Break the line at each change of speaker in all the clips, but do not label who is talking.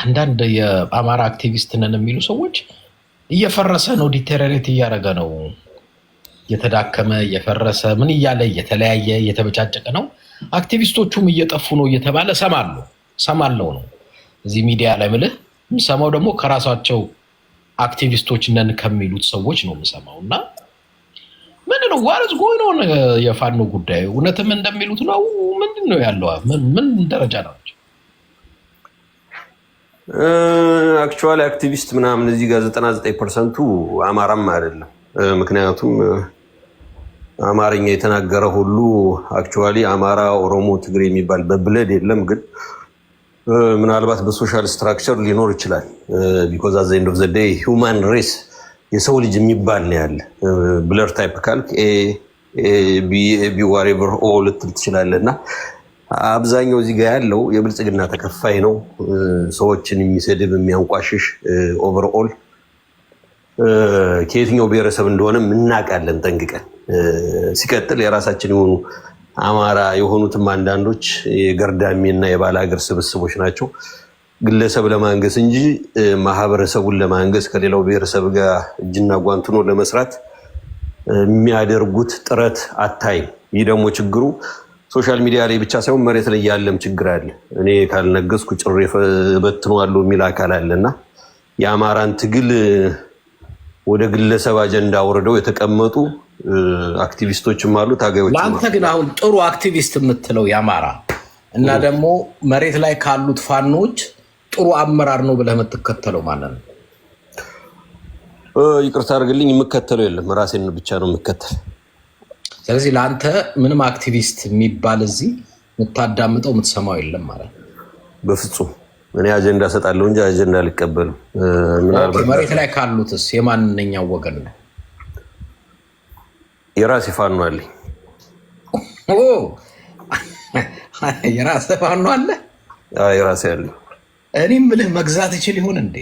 አንዳንድ የአማራ አክቲቪስት ነን የሚሉ ሰዎች እየፈረሰ ነው፣ ዲቴሬሬት እያደረገ ነው፣ እየተዳከመ እየፈረሰ ምን እያለ እየተለያየ እየተበጫጨቀ ነው፣ አክቲቪስቶቹም እየጠፉ ነው እየተባለ ሰማለሁ ሰማለው ነው እዚህ ሚዲያ ላይ ምልህ የምሰማው ደግሞ ከራሳቸው አክቲቪስቶች ነን ከሚሉት ሰዎች ነው የምሰማው። እና ምን ነው ዋርዝ ነው የፋኖ ጉዳይ እውነትም እንደሚሉት ነው? ምንድን ነው ያለው? ምን ደረጃ ናቸው?
አክቹዋሊ አክቲቪስት ምናምን እዚህ ጋር 99 ፐርሰንቱ አማራም አይደለም። ምክንያቱም አማርኛ የተናገረ ሁሉ አክቹዋሊ አማራ፣ ኦሮሞ፣ ትግሬ የሚባል በብለድ የለም። ግን ምናልባት በሶሻል ስትራክቸር ሊኖር ይችላል። ቢኮዝ አት ኤንድ ኦፍ ዘ ዴይ ሂውማን ሬስ የሰው ልጅ የሚባል ነው ያለ። ብለር ታይፕ ካልክ ቢ ዋሬቨር ኦ ልትል ትችላለህ እና አብዛኛው እዚህ ጋ ያለው የብልጽግና ተከፋይ ነው። ሰዎችን የሚሰድብ የሚያንቋሽሽ፣ ኦቨርኦል ከየትኛው ብሔረሰብ እንደሆነ እናውቃለን ጠንቅቀን። ሲቀጥል የራሳችን የሆኑ አማራ የሆኑትም አንዳንዶች የገርዳሜ እና የባለ ሀገር ስብስቦች ናቸው። ግለሰብ ለማንገስ እንጂ ማህበረሰቡን ለማንገስ ከሌላው ብሔረሰብ ጋር እጅና ጓንትኖ ለመስራት የሚያደርጉት ጥረት አታይም። ይህ ደግሞ ችግሩ ሶሻል ሚዲያ ላይ ብቻ ሳይሆን መሬት ላይ ያለም ችግር አለ። እኔ ካልነገስኩ ጭሬ በትነዋለሁ የሚል አካል አለ እና የአማራን ትግል ወደ ግለሰብ አጀንዳ አውርደው የተቀመጡ አክቲቪስቶችም አሉ፣ ታጋዮች።
ለአንተ ግን አሁን ጥሩ አክቲቪስት የምትለው የአማራ እና ደግሞ መሬት ላይ ካሉት ፋኖች ጥሩ አመራር ነው ብለህ የምትከተለው ማለት ነው።
ይቅርታ አድርግልኝ፣ የምከተለው የለም ራሴን ብቻ ነው የምከተል
ስለዚህ ለአንተ ምንም አክቲቪስት የሚባል እዚህ የምታዳምጠው የምትሰማው የለም ማለት ነው።
በፍጹም እኔ አጀንዳ ሰጣለሁ እንጂ አጀንዳ አልቀበልም።
መሬት ላይ ካሉትስ የማንኛው ወገን ነው?
የራሴ ፋኖ አለኝ።
የራሴ ፋኖ አለ። የራሴ አለ። እኔም ምልህ መግዛት ይችል ይሆን እንዴ?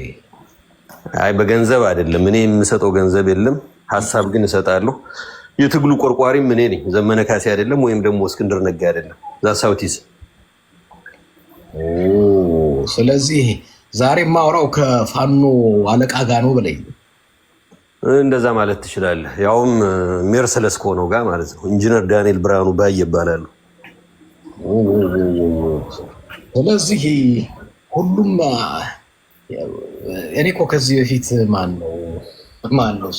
አይ በገንዘብ አይደለም። እኔ የምሰጠው ገንዘብ የለም። ሀሳብ ግን እሰጣለሁ። የትግሉ ቆርቋሪም እኔ ነኝ፣ ዘመነ ካሴ አይደለም፣ ወይም ደግሞ እስክንድር ነጋ አይደለም። ዛ
ስለዚህ ዛሬ ማውራው ከፋኖ አለቃ ጋር ነው ብለኝ
እንደዛ ማለት ትችላለህ። ያውም ሜርሰለስ ከሆነው ጋር ማለት ነው። ኢንጂነር ዳንኤል ብርሃኑ ባይ ይባላሉ።
ስለዚህ ሁሉም እኔ እኮ ከዚህ በፊት ማን ነው ማን ነው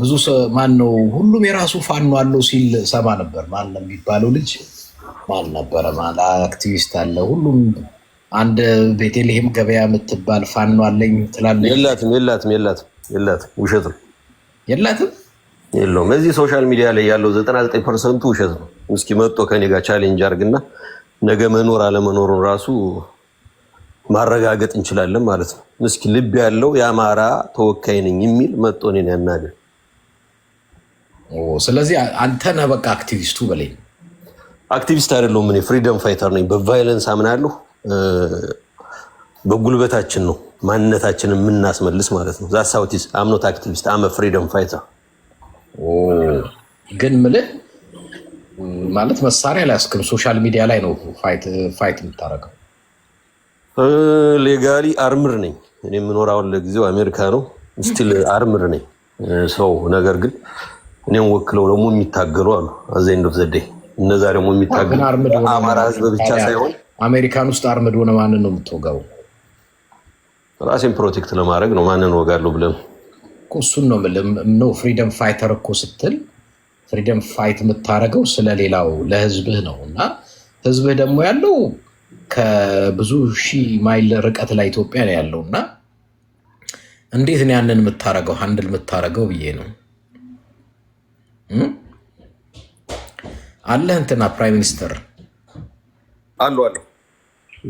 ብዙ ማን ነው ሁሉም የራሱ ፋኖ አለው ሲል ሰማ ነበር። ማን ነው የሚባለው ልጅ ማን ነበረ? አክቲቪስት አለ ሁሉም አንድ ቤተልሔም ገበያ የምትባል ፋኖ አለኝ
ትላለች። የላትም የላትም የላትም የላትም፣ ውሸት ነው። የላትም የለውም። እዚህ ሶሻል ሚዲያ ላይ ያለው ዘጠና ዘጠኝ ፐርሰንቱ ውሸት ነው። እስኪ መጥቶ ከኔ ጋር ቻሌንጅ አድርግና ነገ መኖር አለመኖሩን ራሱ ማረጋገጥ እንችላለን ማለት ነው። እስኪ ልብ ያለው የአማራ ተወካይ ነኝ የሚል መጥቶ እኔን ያናገር።
ስለዚህ አንተ ነህ በቃ አክቲቪስቱ በለኝ።
አክቲቪስት አይደለሁም እኔ ፍሪደም ፋይተር ነኝ። በቫይለንስ አምናለሁ። በጉልበታችን ነው ማንነታችንን የምናስመልስ ማለት ነው። ዛሳውቲስ አምኖት አክቲቪስት አመ ፍሪደም ፋይተር
ግን ምልህ ማለት መሳሪያ ላይ አስክም ሶሻል ሚዲያ ላይ ነው ፋይት የምታደርገው።
ሌጋሊ አርምር ነኝ እኔ የምኖር አሁን ለጊዜው አሜሪካ ነው። ስቲል አርምር ነኝ ሰው ነገር ግን እኔም ወክለው ደግሞ የሚታገሉ አሉ። አዘኝ ዘዴ እነዛ ደግሞ የሚታገሉ
አማራ ህዝብ ብቻ ሳይሆን አሜሪካን ውስጥ አርምድ ሆነ ማንን ነው የምትወጋው?
ራሴን ፕሮቴክት ለማድረግ ነው። ማንን ወጋለሁ ብለን
እሱን ነው ምልምነው። ፍሪደም ፋይተር እኮ ስትል ፍሪደም ፋይት የምታደርገው ስለሌላው ለህዝብህ ነው እና ህዝብህ ደግሞ ያለው ከብዙ ሺህ ማይል ርቀት ላይ ኢትዮጵያ ያለው እና እንዴት ነው ያንን የምታደርገው ሀንድል የምታደርገው ብዬ ነው። አለ እንትና ፕራይም ሚኒስተር
አሉ አሉ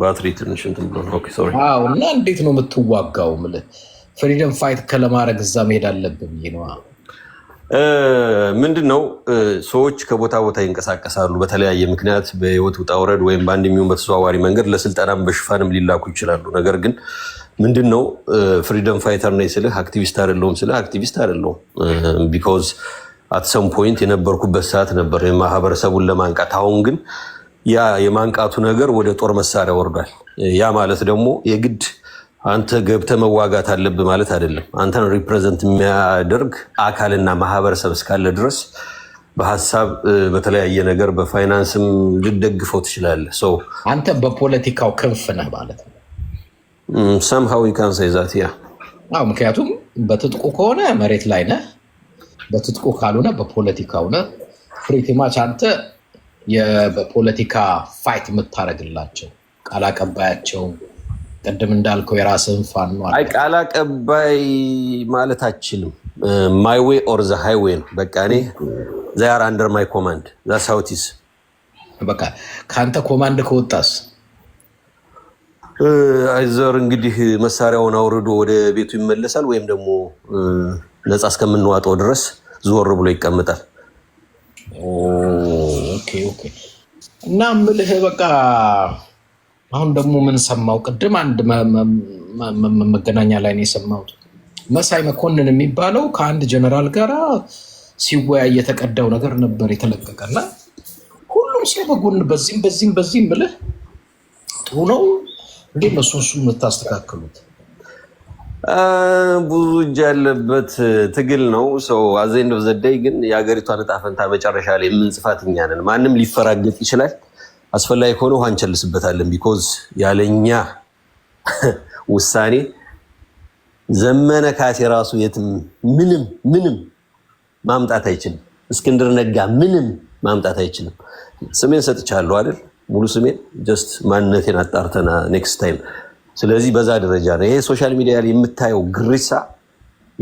ባትሪ ትንሽ እንትን ብሎ
እና እንዴት ነው የምትዋጋው? የምልህ ፍሪደም ፋይት ከለማድረግ እዛ መሄድ አለብን። ይህ
ምንድን ነው ሰዎች ከቦታ ቦታ ይንቀሳቀሳሉ። በተለያየ ምክንያት በህይወት ውጣ ውረድ ወይም በአንድ የሚሆን በተዘዋዋሪ መንገድ ለስልጠናም በሽፋንም ሊላኩ ይችላሉ። ነገር ግን ምንድን ነው ፍሪደም ፋይተር ነኝ ስልህ አክቲቪስት አይደለሁም ስልህ አክቲቪስት አይደለሁም ቢኮዝ አትሰም ፖይንት የነበርኩበት ሰዓት ነበር የማህበረሰቡን ለማንቃት። አሁን ግን ያ የማንቃቱ ነገር ወደ ጦር መሳሪያ ወርዷል። ያ ማለት ደግሞ የግድ አንተ ገብተ መዋጋት አለብህ ማለት አይደለም። አንተን ሪፕሬዘንት የሚያደርግ አካልና ማህበረሰብ እስካለ ድረስ በሀሳብ በተለያየ ነገር በፋይናንስም ልደግፈው ትችላለህ።
አንተ በፖለቲካው ክንፍ ነህ ማለት ነው።
ሰምሃዊ ካንሳይዛት ያ
ምክንያቱም በትጥቁ ከሆነ መሬት ላይ ነህ በትጥቁ ካልሆነ በፖለቲካ ሆነ ፍሪቲማች አንተ በፖለቲካ ፋይት የምታደርግላቸው ቃል አቀባያቸው ቅድም እንዳልከው የራስህን ፋኖ
ቃል አቀባይ ማለት አችልም። ማይ ዌይ ኦር ዘ ሃይዌይ ነው። በቃ እኔ ዛያር አንደር ማይ ኮማንድ ዛ ሳውቲስ
በቃ ከአንተ ኮማንድ ከወጣስ
አይዘር እንግዲህ መሳሪያውን አውርዶ ወደ ቤቱ ይመለሳል ወይም ደግሞ ነፃ እስከምንዋጠው ድረስ ዞር ብሎ ይቀምጣል።
እና ምልህ በቃ አሁን ደግሞ ምን ሰማው? ቅድም አንድ መገናኛ ላይ ነው የሰማሁት። መሳይ መኮንን የሚባለው ከአንድ ጀነራል ጋር ሲወያይ የተቀዳው ነገር ነበር የተለቀቀና ሁሉም ሰው በጎን በዚህም በዚህም በዚህም ምልህ ጥሩ ነው እንዴ? እሱ እሱ የምታስተካክሉት
ብዙ እጅ ያለበት ትግል ነው። ሰው አዘንዶ ዘዳይ ግን የሀገሪቷን ዕጣ ፈንታ መጨረሻ ላይ የምንጽፋት እኛ ነን። ማንም ሊፈራገጥ ይችላል። አስፈላጊ ከሆነ ውሃ እንቸልስበታለን። ቢኮዝ ያለኛ ውሳኔ ዘመነ ካሴ ራሱ የትም ምንም ምንም ማምጣት አይችልም። እስክንድር ነጋ ምንም ማምጣት አይችልም። ስሜን ሰጥቻለሁ አይደል? ሙሉ ስሜን ጀስት ማንነቴን አጣርተና ኔክስት ታይም ስለዚህ በዛ ደረጃ ነው ይሄ ሶሻል ሚዲያ ላይ የምታየው ግሪሳ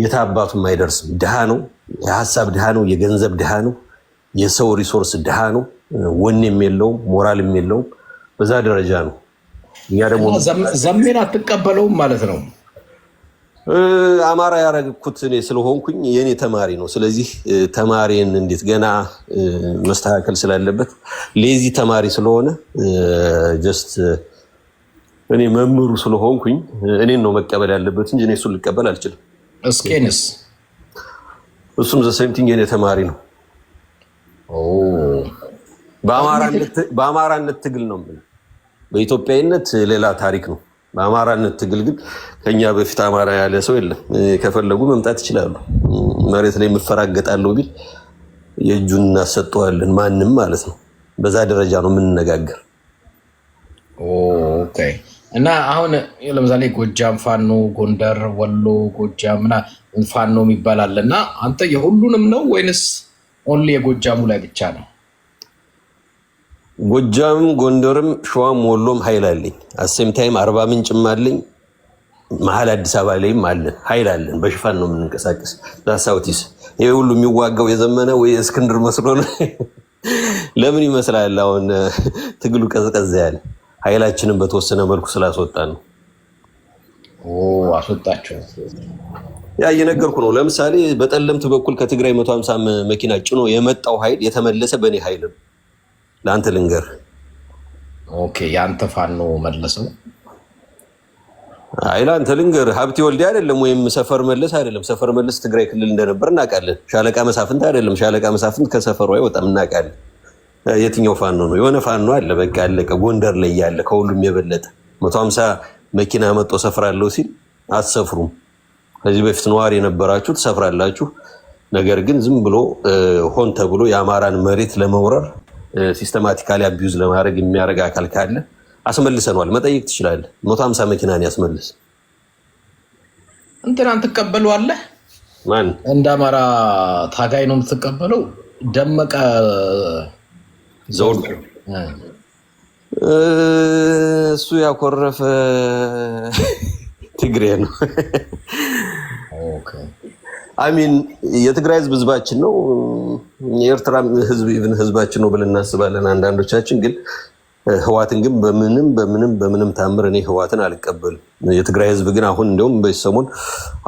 የታባቱም አይደርስም። ድሃ ነው፣ የሀሳብ ድሃ ነው፣ የገንዘብ ድሃ ነው፣ የሰው ሪሶርስ ድሃ ነው። ወኔም የለውም፣ ሞራልም የለውም። በዛ ደረጃ ነው።
እኛ ደግሞ ዘሜን አትቀበለውም ማለት ነው።
አማራ ያረግኩት እኔ ስለሆንኩኝ የእኔ ተማሪ ነው። ስለዚህ ተማሪን እንዴት ገና መስተካከል ስላለበት ሌዚ ተማሪ ስለሆነ ጀስት እኔ መምህሩ ስለሆንኩኝ እኔን ነው መቀበል ያለበት እንጂ እኔ እሱን ልቀበል አልችልም። እስኬንስ እሱም ዘሰምቲንግ የኔ ተማሪ ነው። በአማራነት ትግል ነው ምን በኢትዮጵያዊነት ሌላ ታሪክ ነው። በአማራነት ትግል ግን ከኛ በፊት አማራ ያለ ሰው የለም። ከፈለጉ መምጣት ይችላሉ። መሬት ላይ የምፈራገጣለሁ ቢል የእጁን እናሰጠዋለን። ማንም ማለት ነው። በዛ ደረጃ ነው የምንነጋገር።
ኦኬ እና አሁን ለምሳሌ ጎጃም ፋኖ፣ ጎንደር፣ ወሎ፣ ጎጃም እና ፋኖ የሚባል አለ እና አንተ የሁሉንም ነው ወይንስ ኦንሊ የጎጃሙ ላይ ብቻ ነው?
ጎጃም፣ ጎንደርም፣ ሸዋም፣ ወሎም ሀይል አለኝ። አሴም ታይም አርባ ምንጭም አለኝ። መሀል አዲስ አበባ ላይም አለን ሀይል አለን። በሽፋን ነው የምንንቀሳቀስ። ናሳውቲስ ይህ ሁሉ የሚዋጋው የዘመነ ወይ እስክንድር መስሎ ነው። ለምን ይመስላል አሁን ትግሉ ቀዝቀዝ ያለ ኃይላችንን በተወሰነ መልኩ ስላስወጣን ነው። አስወጣቸው። ያ እየነገርኩ ነው። ለምሳሌ በጠለምት በኩል ከትግራይ መቶ ሀምሳ መኪና ጭኖ የመጣው ኃይል የተመለሰ በእኔ ኃይል ነው። ለአንተ ልንገር።
የአንተ ፋኖ መለሰ
አይላ አንተ ልንገር፣ ሀብቴ ወልዴ አይደለም ወይም ሰፈር መለስ አይደለም። ሰፈር መለስ ትግራይ ክልል እንደነበር እናውቃለን። ሻለቃ መሳፍንት አይደለም። ሻለቃ መሳፍንት ከሰፈሩ አይወጣም፣ እናውቃለን። የትኛው ፋኖ ነው? የሆነ ፋኖ አለ፣ በቃ ያለቀ ጎንደር ላይ ያለ ከሁሉም የበለጠ መቶ ሀምሳ መኪና መጦ ሰፍራለሁ ሲል አትሰፍሩም። ከዚህ በፊት ነዋሪ የነበራችሁ ትሰፍራላችሁ። ነገር ግን ዝም ብሎ ሆን ተብሎ የአማራን መሬት ለመውረር ሲስተማቲካሊ አቢዩዝ ለማድረግ የሚያደርግ አካል ካለ አስመልሰነዋል። መጠየቅ ትችላለ መቶ ሀምሳ መኪናን ያስመልስ
እንትናን ትቀበለዋለህ። ማን እንደ አማራ ታጋይ ነው የምትቀበለው? ደመቀ
ዘውዱ እሱ ያኮረፈ ትግሬ ነው። አሚን የትግራይ ህዝብ ህዝባችን ነው። የኤርትራ ህዝብ ኢቭን ህዝባችን ነው ብለን እናስባለን አንዳንዶቻችን። ግን ህዋትን ግን በምንም በምንም በምንም ታምር እኔ ህዋትን አልቀበልም። የትግራይ ህዝብ ግን አሁን እንዲሁም በዚህ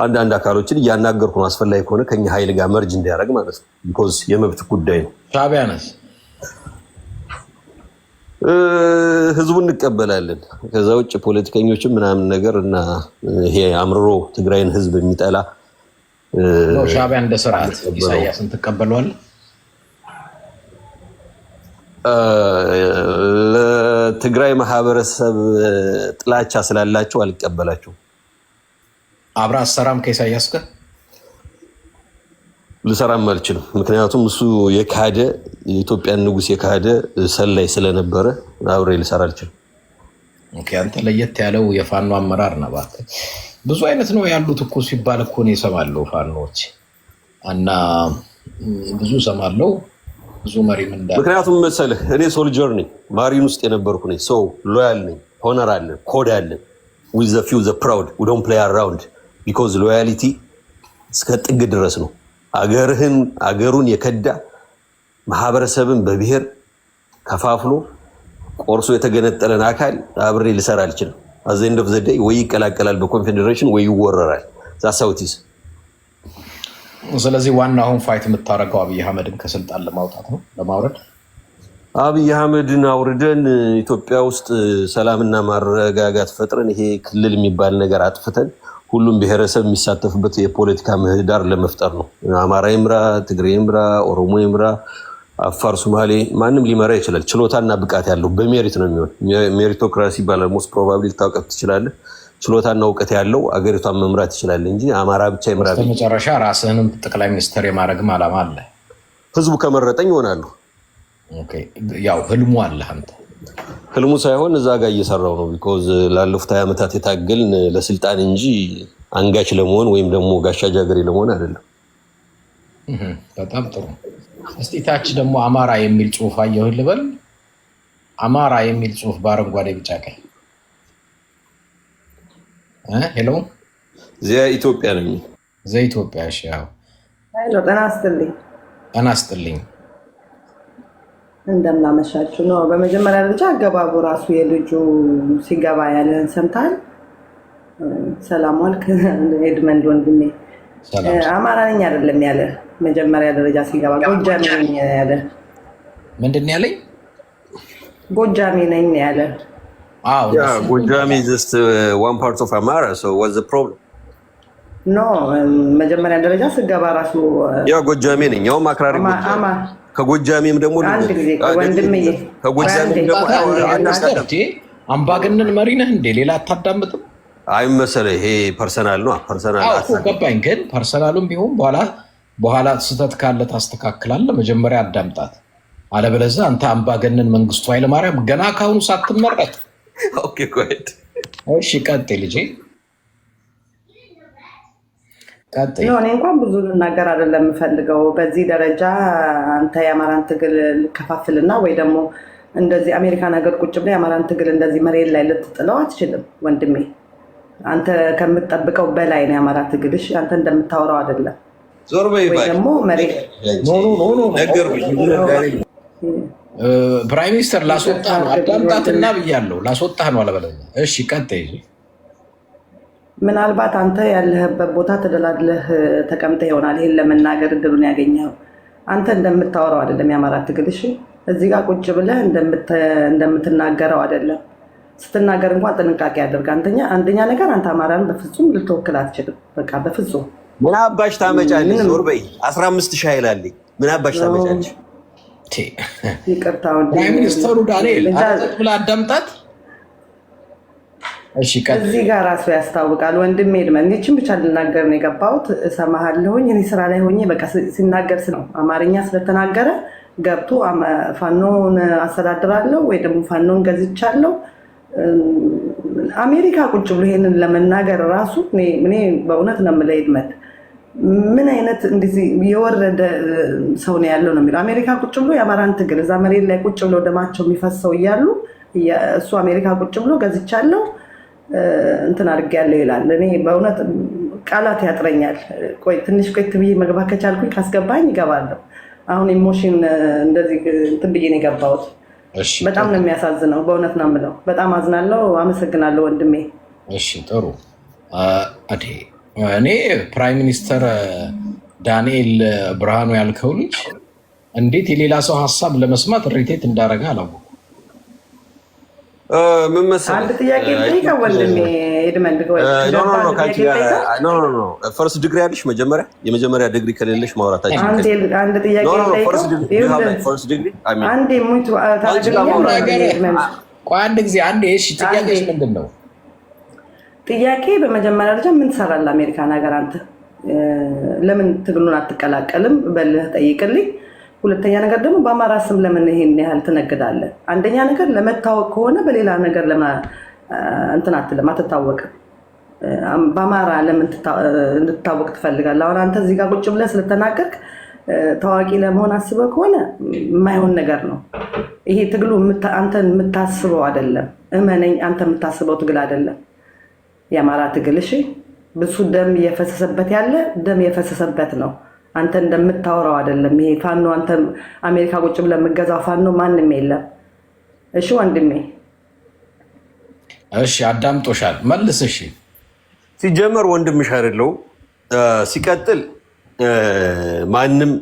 አንዳንድ አካሎችን እያናገርኩ ነው፣ አስፈላጊ ከሆነ ከኛ ኃይል ጋር መርጅ እንዲያደርግ ማለት ነው። ቢኮዝ የመብት ጉዳይ ነው። ሻዕቢያ ህዝቡ እንቀበላለን። ከዛ ውጭ ፖለቲከኞችም ምናምን ነገር እና ይሄ አምርሮ ትግራይን ህዝብ የሚጠላ
ሻዕቢያ እንደ ስርዓት ኢሳያስን ትቀበለዋል።
ለትግራይ ማህበረሰብ ጥላቻ ስላላቸው አልቀበላቸው
አብረህ አሰራም ከኢሳያስ ጋር
ልሰራም አልችልም። ምክንያቱም እሱ የካደ የኢትዮጵያን ንጉስ የካደ ሰላይ ስለነበረ አብሬ ልሰራ አልችልም።
አንተ ለየት ያለው የፋኖ አመራር ነው። እባክህ ብዙ አይነት ነው ያሉት እኮ ሲባል እኮ ነው የሰማለው ፋኖች እና ብዙ ሰማለው ብዙ መሪም
እንዳ ምክንያቱም መሰልህ እኔ ሶልጀር ነኝ፣ ማሪን ውስጥ የነበርኩ ነኝ። ሰው ሎያል ነኝ፣ ሆነር አለን፣ ኮድ አለን። ዊዝ ዘ ፊው ዘ ፕራውድ ዊ ዶንት ፕሌይ አራውንድ ቢኮዝ ሎያሊቲ እስከ ጥግ ድረስ ነው። አገርህን አገሩን የከዳ ማህበረሰብን በብሔር ከፋፍሎ ቆርሶ የተገነጠለን አካል አብሬ ልሰራ አልችልም። አዘንድ ኦፍ ወይ ይቀላቀላል በኮንፌዴሬሽን ወይ ይወረራል። ዛሳውቲስ
ስለዚህ ዋና አሁን ፋይት የምታደርገው አብይ አህመድን ከስልጣን ለማውጣት ነው፣ ለማውረድ
አብይ አህመድን አውርደን ኢትዮጵያ ውስጥ ሰላምና ማረጋጋት ፈጥረን ይሄ ክልል የሚባል ነገር አጥፍተን ሁሉም ብሔረሰብ የሚሳተፍበት የፖለቲካ ምህዳር ለመፍጠር ነው። አማራ ይምራ፣ ትግሬ ይምራ፣ ኦሮሞ ይምራ፣ አፋር፣ ሶማሌ ማንም ሊመራ ይችላል። ችሎታና ብቃት ያለው በሜሪት ነው የሚሆን። ሜሪቶክራሲ ባለሞስ ፕሮባብሊ ልታውቀት ትችላለህ። ችሎታና እውቀት ያለው አገሪቷን መምራት ይችላል እንጂ አማራ ብቻ ይምራ።
መጨረሻ ራስህንም ጠቅላይ ሚኒስትር የማድረግም አላማ አለ።
ህዝቡ ከመረጠኝ ይሆናሉ።
ያው ህልሙ አለ አንተ
ህልሙ ሳይሆን እዛ ጋር እየሰራው ነው። ቢኮዝ ላለፉት ሀያ ዓመታት የታገልን ለስልጣን እንጂ አንጋች ለመሆን ወይም ደግሞ ጋሻ ጃገሬ ለመሆን አይደለም።
በጣም ጥሩ። እስቲ ታች ደግሞ አማራ የሚል ጽሁፍ አየሁን ልበል። አማራ የሚል ጽሁፍ በአረንጓዴ ቢጫ ቀይ። ሄሎ
ዚያ ኢትዮጵያ ነው።
ዘ ኢትዮጵያ
ጤና ስጥልኝ፣
ጤና ስጥልኝ።
እንደምናመሻችሁ ነው። በመጀመሪያ ደረጃ አገባቡ ራሱ የልጁ ሲገባ ያለን ሰምታል። ሰላም ዋልክ ኤድመንድ ወንድሜ። አማራ ነኝ አይደለም ያለ መጀመሪያ ደረጃ ሲገባ ጎጃሜ ነኝ ያለ። ምንድን ነው ያለኝ? ጎጃሜ ነኝ ያለ።
ጎጃሜ ፓርት ኦፍ አማራ ሶ ዋዝ
ኖ መጀመሪያ ደረጃ ስገባ ራሱ
ጎጃሜ ነኝ ያውም አክራሪ ከጎጃሜም ደግሞ
አምባገነን መሪ ነህ እንዴ? ሌላ አታዳምጥም?
አይ መሰለ ይሄ ፐርሰናል ነው። ፐርሰናል
ገባኝ። ግን ፐርሰናሉም ቢሆን በኋላ በኋላ ስህተት ካለ ታስተካክላለህ። መጀመሪያ አዳምጣት። አለበለዚያ አንተ አምባገነን መንግስቱ ኃይለማርያም ገና ከአሁኑ ሳትመረጥ። ኦኬ፣ እሺ፣ ቀጥይ ልጄ
እኔ እንኳን ብዙ ልናገር አይደለም የምፈልገው። በዚህ ደረጃ አንተ የአማራን ትግል ልከፋፍልና ወይ ደግሞ እንደዚህ አሜሪካን ሀገር ቁጭ ብላ የአማራን ትግል እንደዚህ መሬት ላይ ልትጥለው አትችልም ወንድሜ። አንተ ከምትጠብቀው በላይ ነው የአማራ ትግልሽ። አንተ እንደምታወራው አይደለም። ዞር በይ ደግሞ መሬት
ፕራይም ሚኒስተር ላስወጣ ነው። አዳምጣትና ብያለሁ። ላስወጣ ነው አለበለዚያ እሺ፣ ቀጥ
ምናልባት አንተ ያለህበት ቦታ ተደላድለህ ተቀምጠህ ይሆናል ይህን ለመናገር እድሉን ያገኘው አንተ እንደምታወራው አይደለም የአማራ ትግል። እሺ እዚህ ጋር ቁጭ ብለህ እንደምትናገረው አይደለም። ስትናገር እንኳን ጥንቃቄ አድርግ። አንተኛ አንደኛ ነገር አንተ አማራን በፍጹም ልትወክል አትችልም። በቃ በፍጹም
ምን አባሽ ታመጫለች? ዞር በይ። አስራ አምስት ሺህ አይላለኝ። ምን አባሽ ታመጫለች? ይቅርታ ሚኒስተሩ ዳንኤል ብላ አዳምጣት እዚህ
ጋር ራሱ ያስታውቃል። ወንድም ሄድመን ይችን ብቻ ልናገር ነው የገባሁት። እሰማሃለሁኝ እኔ ስራ ላይ ሆኜ በቃ ሲናገር ነው አማርኛ ስለተናገረ ገብቶ ፋኖን አስተዳድራለሁ ወይ ደግሞ ፋኖን ገዝቻለሁ አሜሪካ ቁጭ ብሎ ይሄንን ለመናገር ራሱ እኔ በእውነት ነው የምልህ ሄድመን ምን አይነት እንደዚህ የወረደ ሰው ነው ያለው ነው የሚለው። አሜሪካ ቁጭ ብሎ የአማራን ትግል እዛ መሬት ላይ ቁጭ ብሎ ደማቸው የሚፈሰው እያሉ እሱ አሜሪካ ቁጭ ብሎ ገዝቻለሁ እንትን አድርጌያለሁ ይላል። እኔ በእውነት ቃላት ያጥረኛል። ቆይ ትንሽ ቆይት ብዬ መግባት ከቻልኩኝ ካስገባኝ ይገባለሁ። አሁን ኢሞሽን እንደዚህ እንትን ብዬ ነው የገባሁት። በጣም ነው የሚያሳዝነው። በእውነት ነው የምለው። በጣም አዝናለሁ። አመሰግናለሁ ወንድሜ።
እሺ ጥሩ። እኔ ፕራይም ሚኒስተር ዳንኤል ብርሃኑ ያልከው ልጅ እንዴት የሌላ ሰው ሀሳብ ለመስማት ሪቴት እንዳደረገ አላወኩም።
ምን መሰለህ፣ ፈርስት ዲግሪ መጀመሪያ የመጀመሪያ ዲግሪ ከሌለሽ
ጥያቄ በመጀመሪያ ደረጃ ምን ትሰራለህ አሜሪካን ሀገር አንተ? ለምን ትግሉን አትቀላቀልም? በልህ ጠይቅልኝ። ሁለተኛ ነገር ደግሞ በአማራ ስም ለምን ይሄን ያህል ትነግዳለህ? አንደኛ ነገር ለመታወቅ ከሆነ በሌላ ነገር እንትን አትልም፣ አትታወቅም። በአማራ ለምን እንድትታወቅ ትፈልጋለህ? አሁን አንተ እዚህ ጋር ቁጭ ብለህ ስለተናገርክ ታዋቂ ለመሆን አስበህ ከሆነ የማይሆን ነገር ነው ይሄ። ትግሉ አንተን የምታስበው አይደለም፣ እመነኝ። አንተ የምታስበው ትግል አይደለም የአማራ ትግል። እሺ፣ ብዙ ደም እየፈሰሰበት ያለ ደም የፈሰሰበት ነው። አንተ እንደምታወራው አይደለም። ይሄ ፋኖ አንተ አሜሪካ ቁጭ ብለህ የምገዛው ፋኖ ማንም የለም። እሺ ወንድሜ፣
እሺ አዳምጦሻል፣ መልስ። እሺ
ሲጀመር ወንድምሽ አይደለው፣ ሲቀጥል ማንም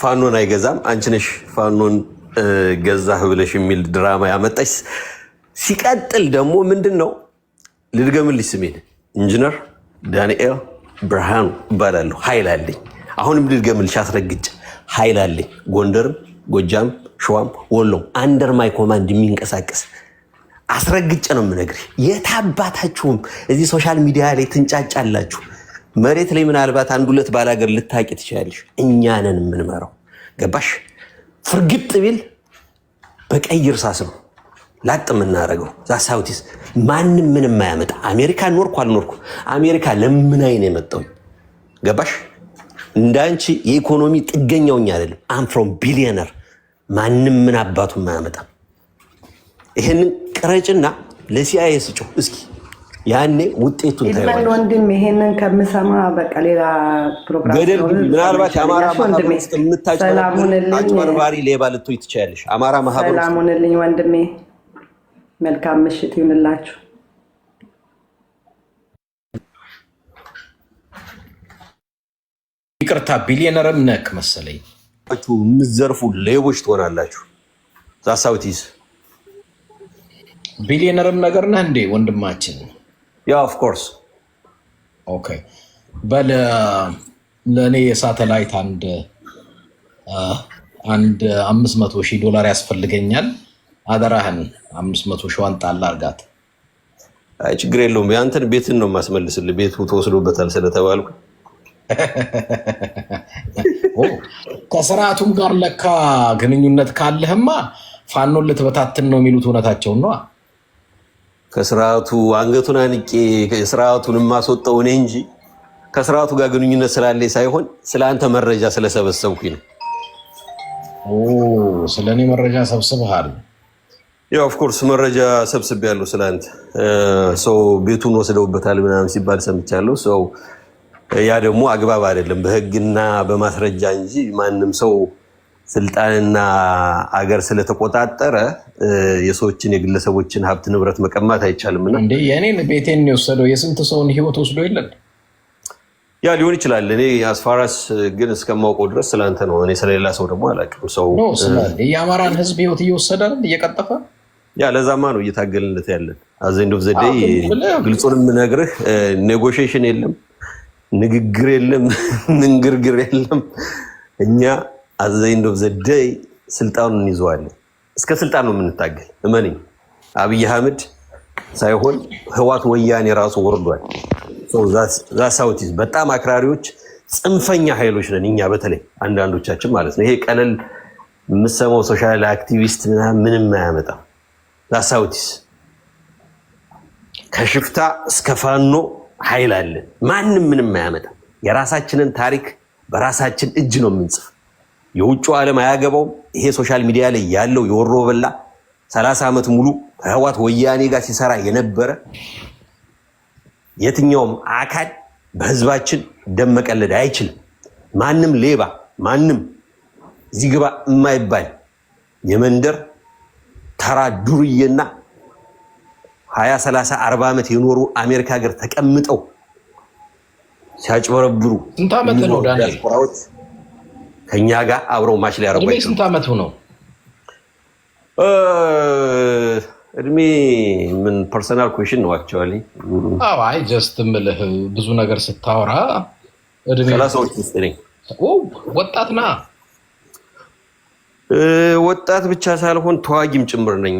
ፋኖን አይገዛም። አንቺ ነሽ ፋኖን ገዛህ ብለሽ የሚል ድራማ ያመጣሽ። ሲቀጥል ደግሞ ምንድን ነው ልድገምልሽ፣ ስሜን ኢንጂነር ዳንኤል ብርሃኑ እባላለሁ። ኃይል አለኝ አሁንም ልድገምልሽ አስረግጭ ኃይል አለኝ። ጎንደርም፣ ጎጃም፣ ሸዋም፣ ወሎም አንደር ማይ ኮማንድ የሚንቀሳቀስ አስረግጭ ነው የምነግርህ። የታባታችሁም እዚህ ሶሻል ሚዲያ ላይ ትንጫጫላችሁ። መሬት ላይ ምናልባት አንድ ሁለት ባላገር ልታቂ ትችላለሽ። እኛንን የምንመራው ገባሽ? ፍርግጥ ቢል በቀይ እርሳስ ነው ላጥ የምናደርገው። ዛሳውቲስ ማንም ምንም አያመጣ። አሜሪካ ኖርኩ አልኖርኩ አሜሪካ ለምን አይን የመጣው ገባሽ? እንዳንቺ የኢኮኖሚ ጥገኛውኝ አይደለም። አም ፍሮም ቢሊዮነር ማንም ምን አባቱ ማያመጣም። ይህንን ቅረጭና ለሲአይኤ ስጮ እስኪ ያኔ ውጤቱ
ታይዋል። ወንድም ይሄንን ከምሰማ በቃ ሌላ
ፕሮግራም ገደል ምናልባት የአማራ ማህበረሰብ ውስጥ የምታጭበርባሪ ሌባ ልትሆኝ ትችያለሽ። አማራ ማህበር
ሰላሙንልኝ። ወንድሜ መልካም ምሽት ይሁንላችሁ።
ይቅርታ ቢሊየነርም ነክ መሰለኝ
የምትዘርፉ ሌቦች ትሆናላችሁ። ዛሳውቲስ
ቢሊየነርም ነገር ነህ እንዴ ወንድማችን? ያ ኦፍኮርስ። ኦኬ ለእኔ የሳተላይት አንድ አንድ አምስት መቶ ሺህ ዶላር ያስፈልገኛል። አደራህን አምስት መቶ ዋንጣ ጣል አድርጋት።
ችግር የለውም። ያንተን ቤትን ነው የማስመልስልህ። ቤቱ ተወስዶበታል ስለተባልኩ
ከስርዓቱም ጋር ለካ ግንኙነት ካለህማ ፋኖን ልትበታትን ነው የሚሉት እውነታቸውን ነዋ።
ከስርዓቱ አንገቱን አንቄ ስርዓቱን የማስወጣው እኔ እንጂ ከስርዓቱ ጋር ግንኙነት ስላለ ሳይሆን ስለ አንተ መረጃ ስለሰበሰብኩኝ ነው።
ስለ እኔ መረጃ ሰብስበሃል?
ያው ኦፍኮርስ መረጃ ሰብስቤያለሁ። ስለ አንተ ሰው ቤቱን ወስደውበታል ምናምን ሲባል ሰምቻለሁ ሰው ያ ደግሞ አግባብ አይደለም በህግና በማስረጃ እንጂ ማንም ሰው ስልጣንና አገር ስለተቆጣጠረ የሰዎችን የግለሰቦችን ሀብት ንብረት መቀማት አይቻልም።
እና እንደ የእኔን ቤቴን የወሰደው የስንት ሰውን ህይወት ወስዶ የለን
ያ ሊሆን ይችላል። እኔ አስፋራስ ግን እስከማውቀው ድረስ ስለአንተ ነው። እኔ ስለሌላ ሰው ደግሞ አላውቅም።
ሰው የአማራን ህዝብ ህይወት እየወሰደ እየቀጠፈ
ያ ለዛማ ነው እየታገልንለት ያለን አዘንዶፍ ዘዴ ግልጹንም ነግርህ ኔጎሽሽን የለም ንግግር የለም፣ ንንግርግር የለም። እኛ አዘይንዶ ዘደይ ስልጣኑን እንይዘዋለን። እስከ ስልጣን ነው የምንታገል። እመንኝ አብይ አህመድ ሳይሆን ህዋት ወያኔ ራሱ ወርዷል። ዛሳውቲ በጣም አክራሪዎች፣ ጽንፈኛ ኃይሎች ነን እኛ በተለይ አንዳንዶቻችን ማለት ነው። ይሄ ቀለል የምሰማው ሶሻል አክቲቪስት ምንም አያመጣም። ዛሳውቲስ ከሽፍታ እስከ ፋኖ ኃይል አለን። ማንም ምንም አያመጣም። የራሳችንን ታሪክ በራሳችን እጅ ነው የምንጽፍ። የውጭ ዓለም አያገባውም። ይሄ ሶሻል ሚዲያ ላይ ያለው የወሮ በላ ሰላሳ ዓመት ሙሉ ከህዋት ወያኔ ጋር ሲሰራ የነበረ የትኛውም አካል በህዝባችን ደም መቀለድ አይችልም። ማንም ሌባ፣ ማንም እዚህ ግባ የማይባል የመንደር ተራ ዱርዬና ሀያ ሰላሳ አርባ ዓመት የኖሩ አሜሪካ ሀገር ተቀምጠው ሲያጭበረብሩ
ስንት ዓመት ነው
ዳንኤል? ከኛ ጋር አብረው ማች ላይ
ያረጓቸው። ስንት ዓመት ነው
እድሜ? ምን ፐርሰናል ኩዌሽን ነው አክቹዋሊ።
አይ ጀስት ምልህ ብዙ ነገር ስታወራ
ሰላሳዎች ውስጥ ነኝ። ወጣት ና ወጣት ብቻ ሳልሆን ተዋጊም ጭምር ነኝ።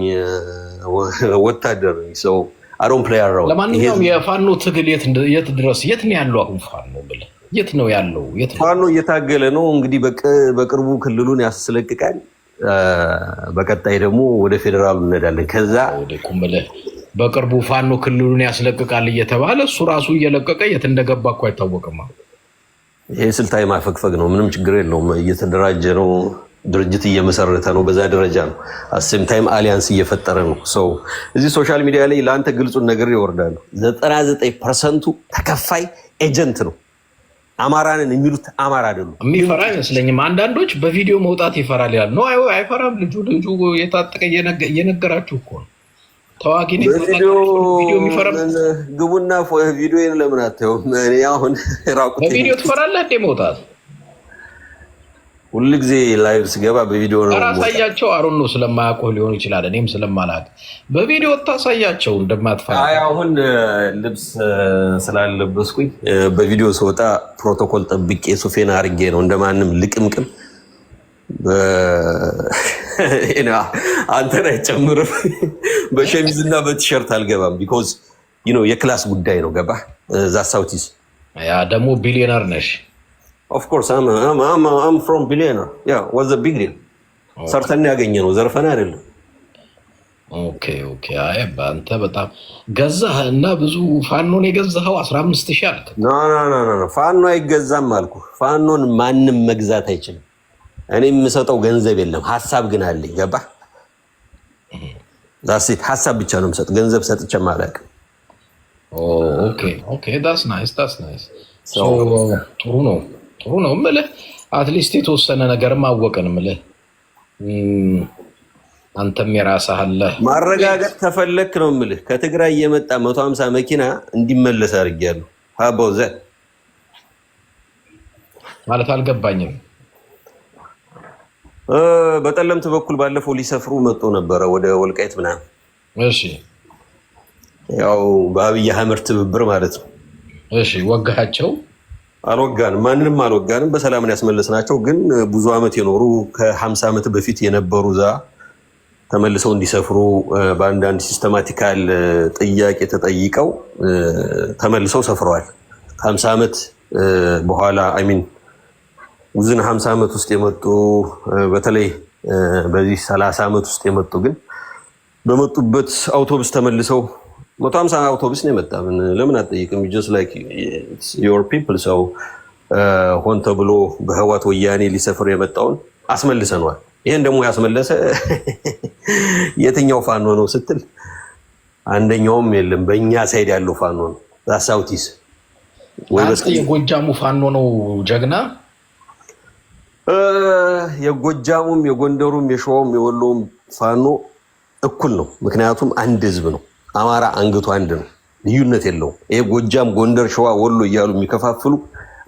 ወታደር ሰው አሮን
ለማንኛውም የፋኖ ትግል የት ድረስ የት ነው ያለው? አሁን ፋኖ ብለ የት ነው ያለው?
ፋኖ እየታገለ ነው እንግዲህ በቅርቡ ክልሉን ያስለቅቃል። በቀጣይ ደግሞ ወደ ፌዴራሉ እንሄዳለን። ከዛ
በቅርቡ ፋኖ ክልሉን ያስለቅቃል እየተባለ እሱ ራሱ እየለቀቀ የት እንደገባ እኮ አይታወቅም።
ይሄ ስልታዊ ማፈግፈግ ነው። ምንም ችግር የለውም። እየተደራጀ ነው። ድርጅት እየመሰረተ ነው። በዛ ደረጃ ነው። አሴም ታይም አሊያንስ እየፈጠረ ነው። ሰው እዚህ ሶሻል ሚዲያ ላይ ለአንተ ግልጹን ነገር ይወርዳሉ። 99 ፐርሰንቱ ተከፋይ ኤጀንት ነው። አማራንን የሚሉት አማራ አይደሉም።
የሚፈራ አይመስለኝም። አንዳንዶች በቪዲዮ መውጣት ይፈራል ያሉ ኖ አይፈራም። ልጁ ልጁ የታጠቀ እየነገራችሁ እኮ ነው ታዋቂ
ግቡና ቪዲዮን ለምን አታየውም? አሁን
ራቁ በቪዲዮ ትፈራለህ እንዴ መውጣት
ሁል ጊዜ ላይቭ ስገባ በቪዲዮ
ነው ታሳያቸው። አሩን ነው ስለማያውቁ ሊሆን ይችላል፣ እኔም ስለማላውቅ በቪዲዮ ታሳያቸው እንደማትፋ።
አሁን ልብስ ስላለበስኩኝ በቪዲዮ ስወጣ ፕሮቶኮል ጠብቄ ሱፌን አርጌ ነው እንደማንም ልቅምቅም። አንተን አይጨምርም። በሸሚዝ እና በቲሸርት አልገባም። ቢኮዝ የክላስ ጉዳይ ነው። ገባ ዛሳውቲስ
ሳውቲስ ደግሞ ቢሊዮነር ነሽ
ኦፍ ኮርስ አም ፍሮም ቢሊዮነር ያ ዋዝ ቢግ ዲል ሰርተን ያገኘ ነው፣ ዘርፈን አይደለም።
ኦኬ ኦኬ። አይ አንተ በጣም ገዛህ እና ብዙ ፋኖን የገዛኸው 15 ሺህ አልክ።
ኖ ፋኖ አይገዛም አልኩ። ፋኖን ማንም መግዛት አይችልም። እኔ የምሰጠው ገንዘብ የለም፣ ሀሳብ ግን አለኝ። ገባህ? ዳሴት ሀሳብ ብቻ ነው የምሰጥ፣ ገንዘብ ሰጥቼ አላውቅም።
ኦኬ ኦኬ። ዳስ ናይስ ዳስ ናይስ። ጥሩ ነው። ጥሩ ነው ምልህ አትሊስት የተወሰነ ነገርም አወቅን ምልህ አንተም የራስህ አለ
ማረጋገጥ ከፈለክ ነው ምልህ ከትግራይ የመጣ መቶ ሀምሳ መኪና እንዲመለስ አድርጌያለሁ። ሀቦ ዘ
ማለት አልገባኝም።
በጠለምት በኩል ባለፈው ሊሰፍሩ መጥቶ ነበረ ወደ ወልቃይት ምናምን። እሺ ያው በአብይ አህመድ ትብብር ማለት ነው።
እሺ ወጋቸው።
አልወጋንም፣ ማንንም አልወጋንም። በሰላምን ያስመለስ ናቸው። ግን ብዙ ዓመት የኖሩ ከሀምሳ ዓመት በፊት የነበሩ እዛ ተመልሰው እንዲሰፍሩ በአንዳንድ ሲስተማቲካል ጥያቄ ተጠይቀው ተመልሰው ሰፍረዋል። ከሀምሳ ዓመት በኋላ አሚን ውዝን ሀምሳ ዓመት ውስጥ የመጡ በተለይ በዚህ ሰላሳ ዓመት ውስጥ የመጡ ግን በመጡበት አውቶቡስ ተመልሰው መቶ ሀምሳ አውቶቡስ ነው የመጣ። ለምን አትጠይቅም? ጀስት ላይክ ዮር ፒፕል ሰው ሆን ተብሎ በህዋት ወያኔ ሊሰፍር የመጣውን አስመልሰኗል። ይህን ደግሞ ያስመለሰ የትኛው ፋኖ ነው ስትል አንደኛውም የለም። በእኛ ሳይድ ያለው ፋኖ ነው ሳውቲስ
የጎጃሙ ፋኖ ነው ጀግና።
የጎጃሙም የጎንደሩም የሸዋውም የወሎውም ፋኖ እኩል ነው። ምክንያቱም አንድ ህዝብ ነው። አማራ አንገቱ አንድ ነው፣ ልዩነት የለውም። ይሄ ጎጃም፣ ጎንደር፣ ሸዋ፣ ወሎ እያሉ የሚከፋፍሉ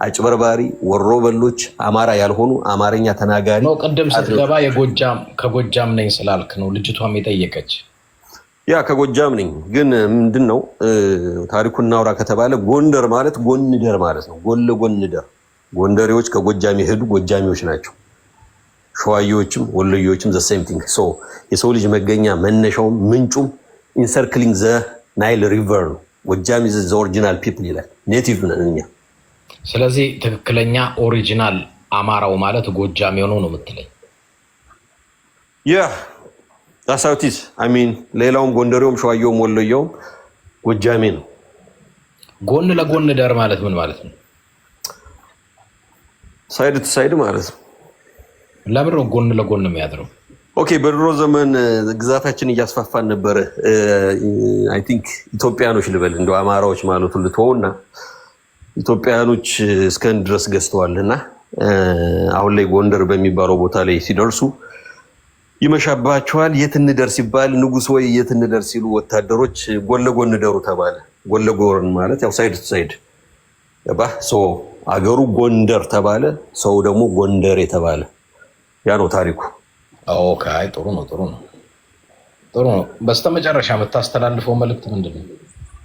አጭበርባሪ ወሮ በሎች አማራ ያልሆኑ አማርኛ ተናጋሪ
ነው። ቅድም ስትገባ ከጎጃም ነኝ ስላልክ ነው ልጅቷም የጠየቀች።
ያ ከጎጃም ነኝ ግን ምንድን ነው ታሪኩ እናውራ ከተባለ ጎንደር ማለት ጎንደር ማለት ነው። ጎን ለጎንደር ጎንደሬዎች ከጎጃም የሄዱ ጎጃሚዎች ናቸው። ሸዋዬዎችም ወሎዬዎችም ዘ ቲንግ። የሰው ልጅ መገኛ መነሻውም ምንጩም ኢንሰርክሊንግ ዘ ናይል ሪቨር ነው። ጎጃም ዘ ኦሪጂናል ፒፕል ይላል። ኔቲቭ ነን እኛ።
ስለዚህ ትክክለኛ ኦሪጂናል አማራው ማለት ጎጃም የሆነው ነው የምትለኝ?
ያ ዳሳውቲስ አሚን ሌላውም ጎንደሬውም ሸዋየውም ወሎየውም ጎጃሜ ነው።
ጎን ለጎን ደር ማለት ምን ማለት ነው?
ሳይድ ቱ ሳይድ ማለት ነው።
ለምን ነው ጎን ለጎን የሚያድረው?
ኦኬ በድሮ ዘመን ግዛታችን እያስፋፋን ነበር። አይ ቲንክ ኢትዮጵያኖች ልበል እንደ አማራዎች ማለቱ እና ኢትዮጵያኖች እስከን ድረስ ገዝተዋል እና አሁን ላይ ጎንደር በሚባለው ቦታ ላይ ሲደርሱ ይመሻባቸዋል። የት እንደርስ ይባል ንጉስ ወይ የት እንደርስ ሲሉ ወታደሮች ጎን ለጎን ደሩ ተባለ። ጎን ለጎን ማለት ያው ሳይድ ቱ ሳይድ ሰው አገሩ ጎንደር ተባለ። ሰው ደግሞ ጎንደር የተባለ ያ ነው ታሪኩ።
ኦኬ ጥሩ ነው፣ ጥሩ ነው፣ ጥሩ ነው። በስተመጨረሻ የምታስተላልፈው መልእክት ምንድን ነው?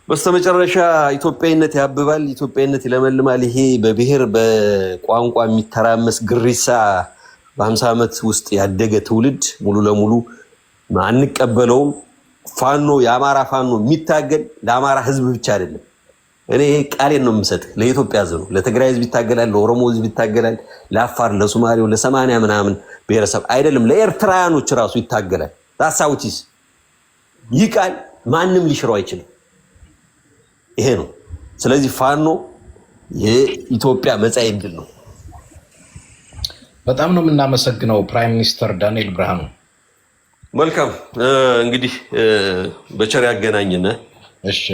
በስተመጨረሻ ኢትዮጵያዊነት ያብባል፣ ኢትዮጵያዊነት ይለመልማል። ይሄ በብሔር በቋንቋ የሚተራመስ ግሪሳ በሀምሳ ዓመት ውስጥ ያደገ ትውልድ ሙሉ ለሙሉ አንቀበለውም። ፋኖ የአማራ ፋኖ የሚታገል ለአማራ ህዝብ ብቻ አይደለም እኔ ቃሌን ነው የምሰጥ። ለኢትዮጵያ ሕዝብ ነው። ለትግራይ ህዝብ ይታገላል፣ ለኦሮሞ ህዝብ ይታገላል፣ ለአፋር፣ ለሶማሌው፣ ለሰማንያ ምናምን ብሔረሰብ አይደለም ለኤርትራውያኖች ራሱ ይታገላል። ታሳውቲስ ይህ ቃል ማንም ሊሽረው አይችልም። ይሄ ነው። ስለዚህ ፋኖ የኢትዮጵያ መጻኢ ዕድል ነው።
በጣም ነው የምናመሰግነው ፕራይም ሚኒስተር ዳንኤል ብርሃኑ።
መልካም እንግዲህ በቸር ያገናኝነ።
እሺ